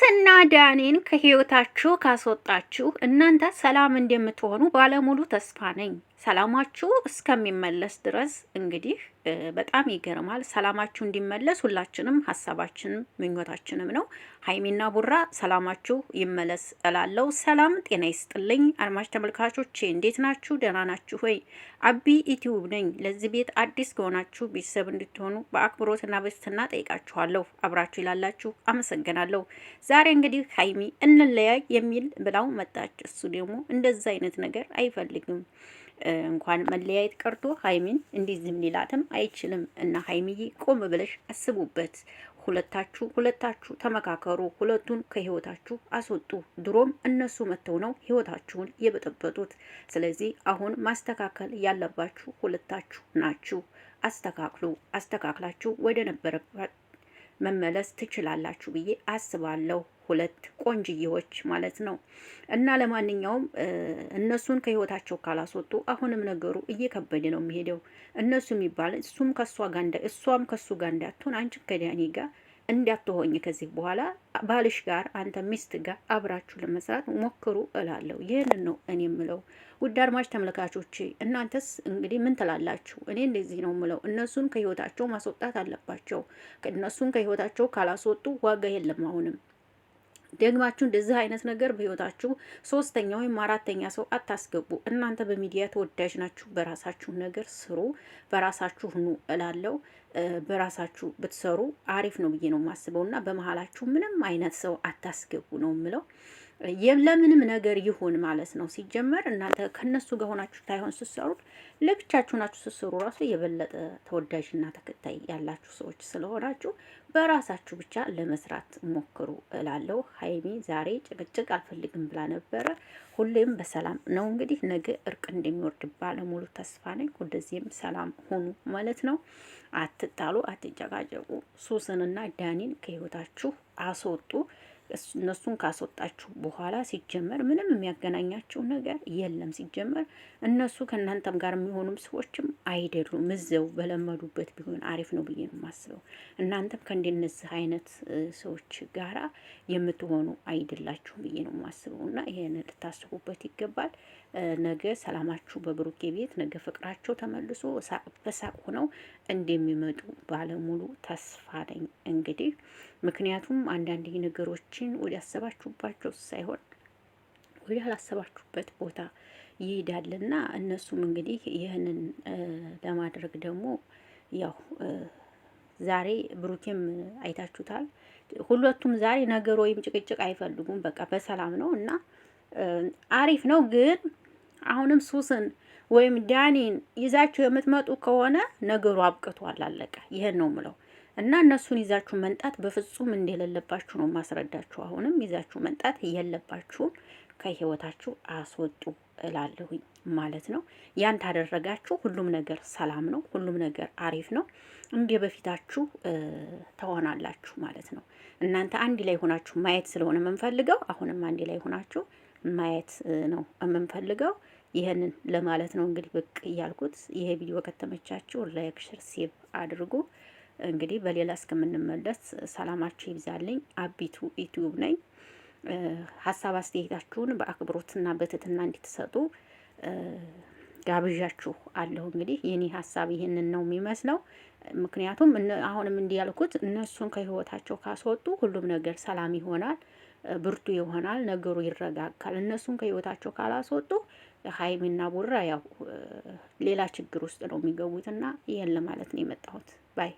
ሞገስና ዳኔን ከህይወታችሁ ካስወጣችሁ እናንተ ሰላም እንደምትሆኑ ባለሙሉ ተስፋ ነኝ። ሰላማችሁ እስከሚመለስ ድረስ እንግዲህ በጣም ይገርማል። ሰላማችሁ እንዲመለስ ሁላችንም ሀሳባችንም ምኞታችንም ነው። ሀይሚና ቡራ ሰላማችሁ ይመለስ እላለው ሰላም ጤና ይስጥልኝ አድማጭ ተመልካቾቼ፣ እንዴት ናችሁ? ደህና ናችሁ ወይ? አቢ ኢትዩብ ነኝ። ለዚህ ቤት አዲስ ከሆናችሁ ቤተሰብ እንድትሆኑ በአክብሮትና በትህትና ጠይቃችኋለሁ። አብራችሁ ይላላችሁ። አመሰግናለሁ። ዛሬ እንግዲህ ሀይሚ እንለያይ የሚል ብላው መጣች። እሱ ደግሞ እንደዛ አይነት ነገር አይፈልግም እንኳን መለያየት ቀርቶ ሀይሚን እንዲህ ዝም ሊላትም አይችልም። እና ሀይሚዬ ቆም ብለሽ አስቡበት። ሁለታችሁ ሁለታችሁ ተመካከሩ። ሁለቱን ከህይወታችሁ አስወጡ። ድሮም እነሱ መተው ነው ህይወታችሁን የበጠበጡት። ስለዚህ አሁን ማስተካከል ያለባችሁ ሁለታችሁ ናችሁ። አስተካክሉ። አስተካክላችሁ ወደ ነበረበት መመለስ ትችላላችሁ ብዬ አስባለሁ። ሁለት ቆንጅዬዎች ማለት ነው። እና ለማንኛውም እነሱን ከህይወታቸው ካላስወጡ አሁንም ነገሩ እየከበደ ነው የሚሄደው። እነሱ የሚባል እሱም ከእሷ ጋር እሷም ከሱ ጋር እንዳትሆን አንቺን ከዳኒ ጋር እንዳትሆኝ ከዚህ በኋላ ባልሽ ጋር አንተ ሚስት ጋር አብራችሁ ለመስራት ሞክሩ እላለሁ። ይህንን ነው እኔ የምለው። ውድ አድማጭ ተመልካቾች እናንተስ እንግዲህ ምን ትላላችሁ? እኔ እንደዚህ ነው የምለው፣ እነሱን ከህይወታቸው ማስወጣት አለባቸው። እነሱን ከህይወታቸው ካላስወጡ ዋጋ የለም አሁንም ደግማችሁ እንደዚህ አይነት ነገር በህይወታችሁ ሶስተኛ ወይም አራተኛ ሰው አታስገቡ። እናንተ በሚዲያ ተወዳጅ ናችሁ። በራሳችሁ ነገር ስሩ፣ በራሳችሁ ሁኑ እላለው። በራሳችሁ ብትሰሩ አሪፍ ነው ብዬ ነው የማስበው እና በመሀላችሁ ምንም አይነት ሰው አታስገቡ ነው የምለው። ለምንም ነገር ይሁን ማለት ነው። ሲጀመር እናንተ ከነሱ ጋር ሆናችሁ ሳይሆን ስትሰሩት ለብቻችሁ ናችሁ ስትሰሩ ራሱ የበለጠ ተወዳጅና ተከታይ ያላችሁ ሰዎች ስለሆናችሁ በራሳችሁ ብቻ ለመስራት ሞክሩ እላለሁ። ሀይሚ ዛሬ ጭቅጭቅ አልፈልግም ብላ ነበረ። ሁሌም በሰላም ነው እንግዲህ ነገ እርቅ እንደሚወርድ ባለሙሉ ተስፋ ነኝ። ሁልጊዜም ሰላም ሆኑ ማለት ነው። አትጣሉ፣ አትጨቃጨቁ። ሱስንና ዳኒን ከህይወታችሁ አስወጡ። እነሱን ካስወጣችሁ በኋላ ሲጀመር ምንም የሚያገናኛቸው ነገር የለም። ሲጀመር እነሱ ከእናንተም ጋር የሚሆኑም ሰዎችም አይደሉም። እዘው በለመዱበት ቢሆን አሪፍ ነው ብዬ ነው የማስበው። እናንተም ከእንደነዚህ አይነት ሰዎች ጋራ የምትሆኑ አይደላችሁም ብዬ ነው የማስበው እና ይህን ልታስቡበት ይገባል። ነገ ሰላማችሁ በብሩኬ ቤት፣ ነገ ፍቅራቸው ተመልሶ በሳቅ ሆነው እንደሚመጡ ባለሙሉ ተስፋ ነኝ እንግዲህ ምክንያቱም አንዳንድ ነገሮችን ወደ ያሰባችሁባቸው ሳይሆን ወደ ያላሰባችሁበት ቦታ ይሄዳልና እነሱም እንግዲህ ይህንን ለማድረግ ደግሞ ያው ዛሬ ብሩኬም አይታችሁታል። ሁለቱም ዛሬ ነገር ወይም ጭቅጭቅ አይፈልጉም። በቃ በሰላም ነው እና አሪፍ ነው። ግን አሁንም ሱስን ወይም ዳኒን ይዛችሁ የምትመጡ ከሆነ ነገሩ አብቅቷል፣ አለቀ። ይህን ነው ምለው። እና እነሱን ይዛችሁ መንጣት በፍጹም እንደሌለባችሁ ነው ማስረዳችሁ። አሁንም ይዛችሁ መንጣት የለባችሁም፣ ከህይወታችሁ አስወጡ እላለሁኝ ማለት ነው። ያን ታደረጋችሁ ሁሉም ነገር ሰላም ነው፣ ሁሉም ነገር አሪፍ ነው። እንዴ በፊታችሁ ትሆናላችሁ ማለት ነው። እናንተ አንድ ላይ ሆናችሁ ማየት ስለሆነ የምንፈልገው አሁንም አንድ ላይ ሆናችሁ ማየት ነው የምንፈልገው። ይህንን ለማለት ነው እንግዲህ ብቅ እያልኩት። ይሄ ቪዲዮ ከተመቻችሁ ላይክ፣ ሼር፣ ሴቭ አድርጉ። እንግዲህ በሌላ እስከምንመለስ ሰላማችሁ ይብዛልኝ። አቢቱ ዩቲዩብ ነኝ። ሀሳብ አስተያየታችሁን በአክብሮትና በትህትና እንድትሰጡ ጋብዣችሁ አለሁ። እንግዲህ የኔ ሀሳብ ይህንን ነው የሚመስለው። ምክንያቱም አሁንም እንዲህ ያልኩት እነሱን ከህይወታቸው ካስወጡ ሁሉም ነገር ሰላም ይሆናል፣ ብርቱ ይሆናል፣ ነገሩ ይረጋጋል። እነሱን ከህይወታቸው ካላስወጡ ሀይሚና ቡራ ያው ሌላ ችግር ውስጥ ነው የሚገቡትና ይህን ለማለት ነው የመጣሁት ባይ